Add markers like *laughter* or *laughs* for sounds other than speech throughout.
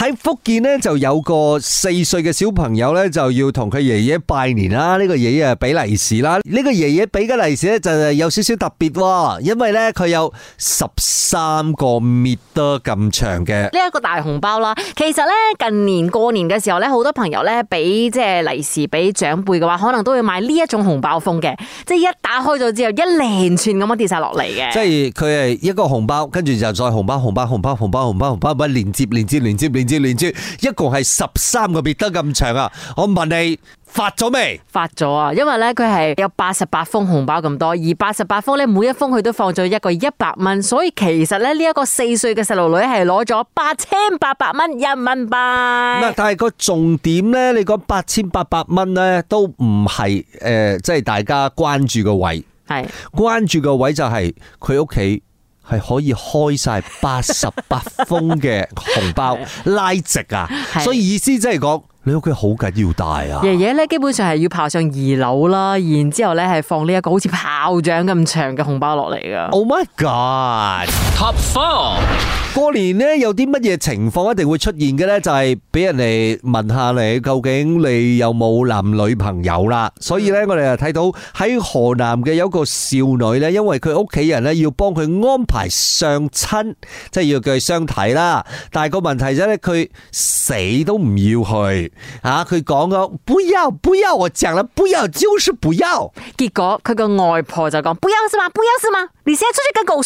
喺福建咧，就有個四歲嘅小朋友咧，就要同佢爺爺拜年啦。呢個爺爺俾利是啦，呢個爺爺俾嘅利是咧就係有少少特別，因為咧佢有十三個 meter 咁長嘅呢一個大紅包啦。其實咧近年過年嘅時候咧，好多朋友咧俾即係利是俾長輩嘅話，可能都會買呢一種紅包封嘅，即係一打開咗之後一連串咁樣跌晒落嚟嘅。即係佢係一個紅包，跟住就再紅包、紅包、紅包、紅包、紅包、紅包，唔係連接、連接、連接、連。連接，一共係十三個字得咁長啊！我問你發咗未？發咗啊！因為呢，佢係有八十八封紅包咁多，而八十八封呢，每一封佢都放咗一個一百蚊，所以其實呢，呢一個四歲嘅細路女係攞咗八千八百蚊人民幣。但係個重點呢，你講八千八百蚊呢，都唔係誒，即、呃、係、就是、大家關注個位係是關注個位就係佢屋企。係可以開晒八十八封嘅紅包 *laughs* 拉直啊！ *laughs* 所以意思即係講你屋企好緊要大啊！爺爺咧，基本上係要爬上二樓啦，然之後咧係放呢一個好似炮仗咁長嘅紅包落嚟噶。Oh my God！Top *laughs* four。過年呢，有啲乜嘢情況一定會出現嘅呢？就係、是、俾人哋問下你究竟你有冇男女朋友啦。所以呢，我哋又睇到喺河南嘅有一個少女呢，因為佢屋企人呢要幫佢安排相親，即係要叫佢相睇啦。但係個問題就係呢，佢死都唔要去吓。佢講咗不要說說不要，不要我講啦，不要就是不要。結果佢個外婆就講，不要是嗎？不要是嗎？而且出去個狗，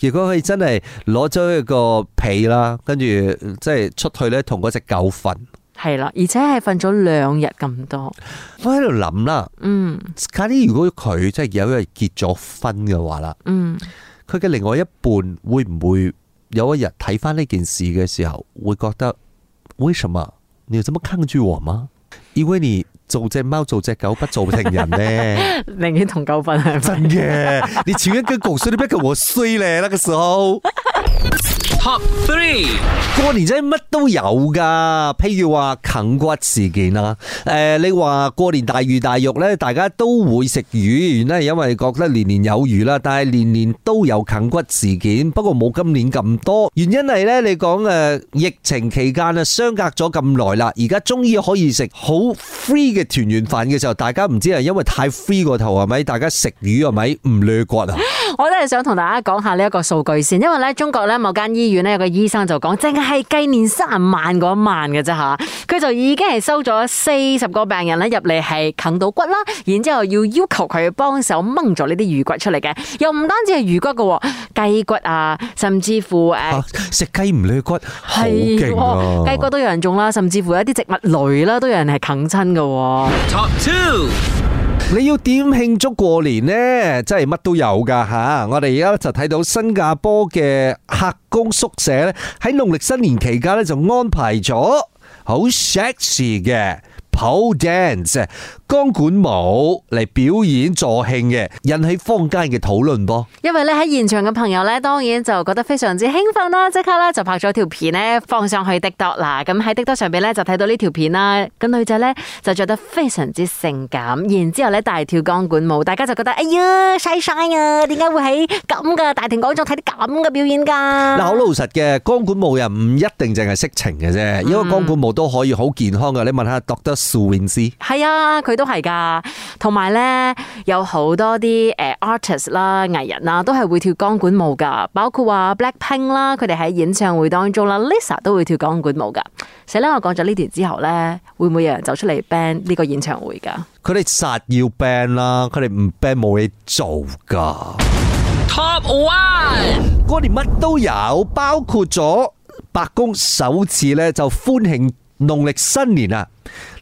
如果佢真係攞咗一個被啦，跟住即係出去咧，同嗰隻狗瞓，係啦，而且係瞓咗兩日咁多。我喺度諗啦，嗯，假如如果佢即係有一日結咗婚嘅話啦，嗯，佢嘅另外一半會唔會有一日睇翻呢件事嘅時候，會覺得為什麼你要咁樣坑住我嗎？因為你。做隻貓，做隻狗，不做情人咧，寧願 *laughs* 同狗瞓係真嘅，你超人嘅狗衰，你邊個我衰咧？那個時候。Top three，過年真係乜都有噶，譬如話啃骨事件啦。誒、呃，你話過年大魚大肉呢，大家都會食魚，咧係因為覺得年年有餘啦。但係年年都有啃骨事件，不過冇今年咁多。原因係呢。你講誒、呃，疫情期間啊，相隔咗咁耐啦，而家終於可以食好 free 嘅團圓飯嘅時候，大家唔知係因為太 free 過頭係咪？大家食魚係咪唔掠骨啊？我都係想同大家講下呢一個數據先，因為咧中國咧某間醫院咧有個醫生就講，淨係計年三十嗰一晚嘅啫吓，佢就已經係收咗四十個病人咧入嚟係啃到骨啦，然之後要要求佢去幫手掹咗呢啲魚骨出嚟嘅，又唔單止係魚骨嘅，雞骨啊，甚至乎誒，食雞唔理骨係，雞、啊啊、骨都有人中啦，甚至乎一啲植物類啦都有人係啃親嘅。你要點慶祝過年呢？真係乜都有噶吓、啊！我哋而家就睇到新加坡嘅客工宿舍咧，喺農曆新年期間咧就安排咗好 sexy 嘅。好 dance 鋼管舞嚟表演助興嘅，引起坊間嘅討論噃。因為咧喺現場嘅朋友咧，當然就覺得非常之興奮啦，即刻咧就拍咗條片咧放上去滴多啦。咁喺滴多上邊咧就睇到呢條片啦。咁女仔咧就着得非常之性感，然之後咧大跳鋼管舞，大家就覺得哎呀晒晒啊，點解會喺咁嘅大庭廣眾睇啲咁嘅表演噶？嗱好老實嘅，鋼管舞人唔一定淨係色情嘅啫，因為鋼管舞都可以好健康噶。你問下 doctor 蘇永思係啊，佢都係噶，同埋咧有好多啲誒 artist 啦、藝、呃、人啦，都係會跳鋼管舞噶，包括話 Blackpink 啦，佢哋喺演唱會當中啦，Lisa 都會跳鋼管舞噶。死啦，我講咗呢段之後咧，會唔會有人走出嚟 ban 呢個演唱會噶？佢哋實要 ban 啦，佢哋唔 ban 冇嘢做噶。Top One 嗰年乜都有，包括咗白宮首次咧就歡慶農曆新年啊！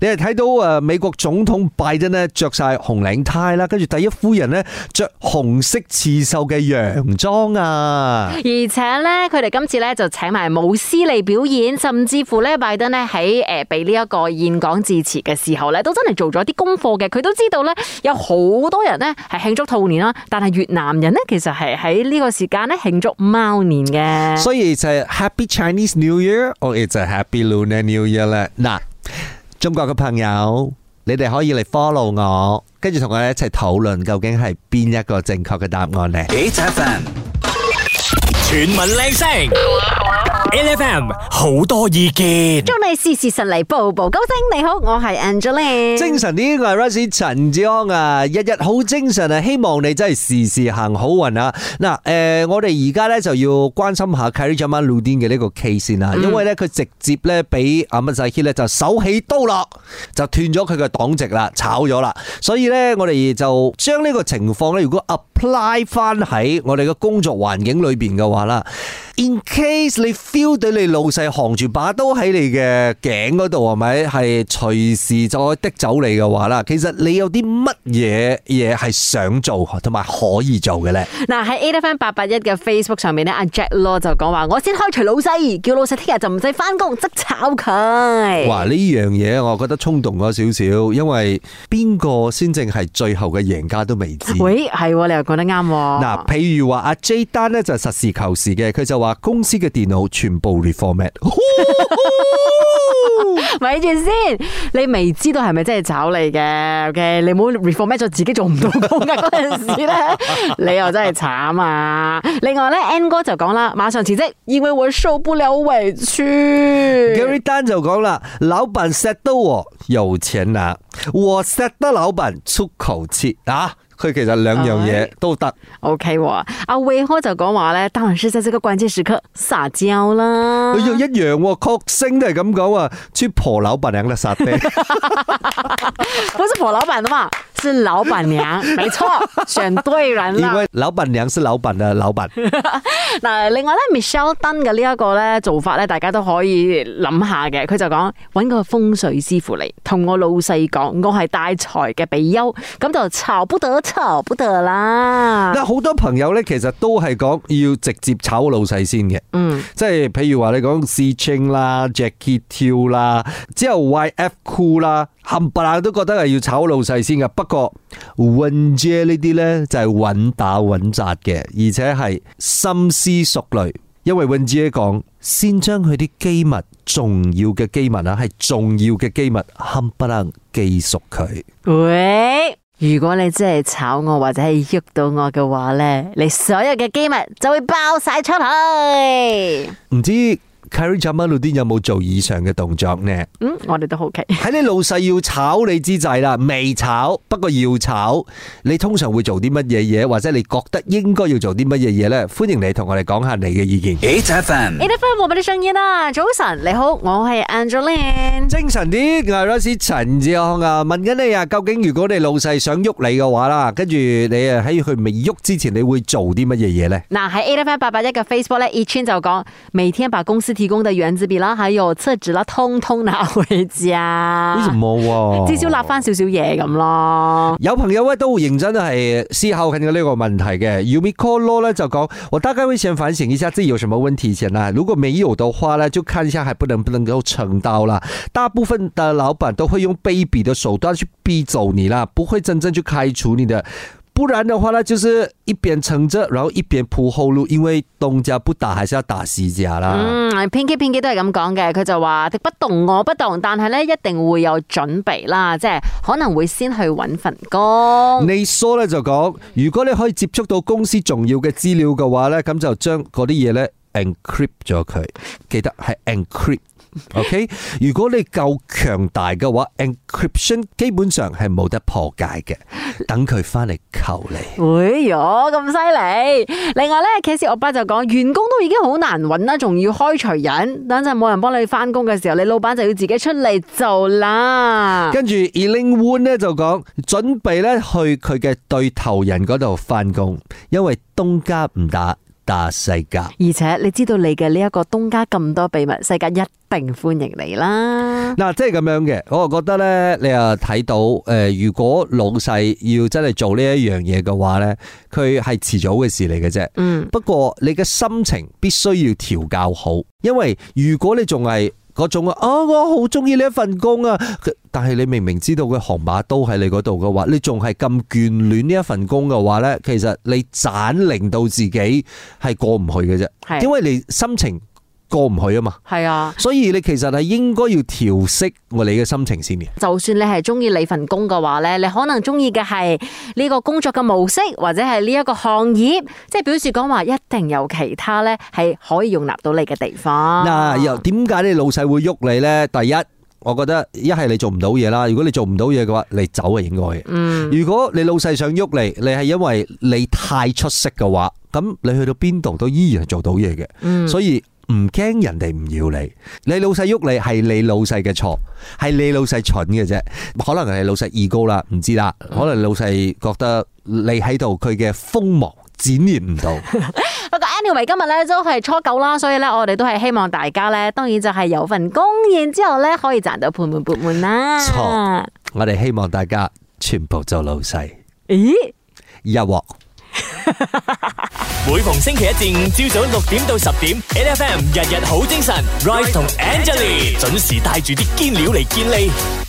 你係睇到誒美國總統拜登咧着晒紅領呔啦，跟住第一夫人咧着紅色刺繡嘅洋裝啊，而且呢，佢哋今次呢就請埋舞獅嚟表演，甚至乎呢拜登咧喺誒俾呢一個演講致辭嘅時候呢，都真係做咗啲功課嘅，佢都知道呢，有好多人呢係慶祝兔年啦，但係越南人呢，其實係喺呢個時間呢慶祝貓年嘅，所以就係 Happy Chinese New Year，or it's Happy Lunar New Year 啦，嗱。.中國嘅朋友，你哋可以嚟 follow 我，跟住同我一齊討論究竟係邊一個正確嘅答案咧？HFM 全民靚聲。L.F.M. 好多意見，祝你事事順利，步步高升。你好，我係 Angeline。精神呢啲啊，Rusi 陳志康啊，日日好精神啊，希望你真係時時行好運啊。嗱，誒，我哋而家咧就要關心下 Kerimudin 嘅呢個 case 先啊，因為咧佢直接咧俾阿乜世謙咧就手起刀落就斷咗佢嘅黨籍啦，炒咗啦。所以咧，我哋就將呢個情況咧，如果 apply 翻喺我哋嘅工作環境裏邊嘅話啦，in case 要對你老細扛住把刀喺你嘅頸嗰度係咪？係隨時再滴走你嘅話啦。其實你有啲乜嘢嘢係想做同埋可以做嘅咧？嗱喺、啊、A. F. N. 八八一嘅 Facebook 上面咧，阿、啊、Jack Law 就講話：我先開除老細，叫老細聽日就唔使翻工，即炒佢。哇呢樣嘢，我覺得衝動咗少少，因為邊個先正係最後嘅贏家都未知。喂，係、哦、你又講得啱、哦。嗱、啊，譬如話阿、啊、J 丹呢，就是、實事求是嘅，佢就話公司嘅電腦全部 reformat，咪住先，你未知道係咪真係找你嘅？O K，你冇 reformat 咗自己做唔到工嘅嗰陣時咧，你又真係慘啊！另外咧，N 哥就講啦，馬上辭職，因為我受不了委屈。Gary Dan 就講啦，老闆錫到我有錢拿，我錫到老闆出口切。」啊！佢其實兩樣嘢都得，OK 喎。阿韋開就講話咧，當然實在這個關鍵時刻撒嬌啦。佢又一樣、哦，曲聲都係咁講啊，出婆老闆嚟撒地，好似婆老闆的嘛？是老闆娘，沒錯，選對人啦。因為老闆娘是老闆的老闆。嗱， *laughs* 另外咧，Michelle Dunn 嘅呢一個咧做法咧，大家都可以諗下嘅。佢就講，搵個風水師傅嚟，同我老細講，我係大財嘅比休，咁就炒不得，炒不得啦。嗱，好多朋友咧，其實都係講要直接炒老細先嘅。嗯，即係譬如話你講 C Chang 啦、Jackie t 跳啦，之後 Y F Cool 啦。冚唪唥都覺得係要炒老細先噶，不過溫姐呢啲呢就係、是、穩打穩紮嘅，而且係深思熟慮。因為溫姐講，先將佢啲機密、重要嘅機密啊，係重要嘅機密，冚唪唥記熟佢。喂，如果你真係炒我或者係喐到我嘅話呢，你所有嘅機密就會爆晒出去。唔知？carry 做乜路啲有冇做以上嘅動作呢？嗯，我哋都好奇。喺你老細要炒你之際啦，未炒，不過要炒，你通常會做啲乜嘢嘢，或者你覺得應該要做啲乜嘢嘢咧？歡迎你同我哋講下你嘅意見。Eight FM，Eight FM 和我啲聲音啦，早晨，你好，我係 Angeline，精神啲。阿 Rosie 陳志康啊，問緊你啊，究竟如果你老細想喐你嘅話啦，跟住你啊喺佢未喐之前，你會做啲乜嘢嘢咧？嗱喺 Eight FM 八八一嘅 Facebook 咧，Echin 就講，每天把公司。提供的原子筆啦，還有廁紙啦，通通拿回家。為什麼？至少攞翻少少嘢咁咯。有朋友咧都認真係思考緊呢個問題嘅。Umi Call 咧就講，我大概會先反省一下自己有什麼問題先啦。如果沒有的話咧，就看一下還不能不能夠撐到啦。大部分的老闆都會用卑鄙的手段去逼走你啦，不會真正去開除你的。不然的話呢就是一邊撐着，然後一邊鋪後路，因為東家不打，還是要打西家啦。嗯，偏基偏基都係咁講嘅，佢就話敵不動我不動，但係呢一定會有準備啦，即係可能會先去揾份工。你說呢就講，如果你可以接觸到公司重要嘅資料嘅話呢，咁就將嗰啲嘢呢 encrypt 咗佢，記得係 encrypt。OK，如果你夠強大嘅話，encryption 基本上係冇得破解嘅。等佢翻嚟，求你，哎呀咁犀利！另外呢，其 i 我爸就講，員工都已經好難揾啦，仲要開除人。等陣冇人幫你翻工嘅時候，你老闆就要自己出嚟做啦。跟住 Eling One 就講，準備咧去佢嘅對頭人嗰度翻工，因為東家唔打。大世界，而且你知道你嘅呢一個東家咁多秘密，世界一定歡迎你啦。嗱，即係咁樣嘅，我啊覺得呢，你又睇到誒、呃，如果老細要真係做呢一樣嘢嘅話呢，佢係遲早嘅事嚟嘅啫。嗯，不過你嘅心情必須要調校好，因為如果你仲係。嗰種啊、哦，我好中意呢一份工啊！但係你明明知道佢航馬都喺你度嘅話，你仲係咁眷戀呢一份工嘅話咧，其實你盞令到自己係過唔去嘅啫，因為你心情。過唔去啊嘛，係啊，所以你其實係應該要調適我你嘅心情先嘅。就算你係中意你份工嘅話呢，你可能中意嘅係呢個工作嘅模式，或者係呢一個行業，即係表示講話一定有其他呢係可以容納到你嘅地方。嗱、啊，又點解你老細會喐你呢？第一，我覺得一係你做唔到嘢啦。如果你做唔到嘢嘅話，你走係應該、嗯、如果你老細想喐你，你係因為你太出色嘅話，咁你去到邊度都依然係做到嘢嘅。嗯、所以。唔驚人哋唔要你，你老細喐你係你老細嘅錯，係你老細蠢嘅啫，可能係老細意高啦，唔知啦，可能老細覺得你喺度佢嘅鋒芒展現唔到。不過 a n y w a y 今日咧都係初九啦，所以咧我哋都係希望大家咧，當然就係有份工，然之後咧可以賺到盆滿鉢滿啦。錯，我哋希望大家全部做老細。咦，有冇？ *laughs* 每逢星期一至五朝早六點到十點，N F M 日日好精神，Rise Right 同 Angelie 準時帶住啲堅料嚟見你。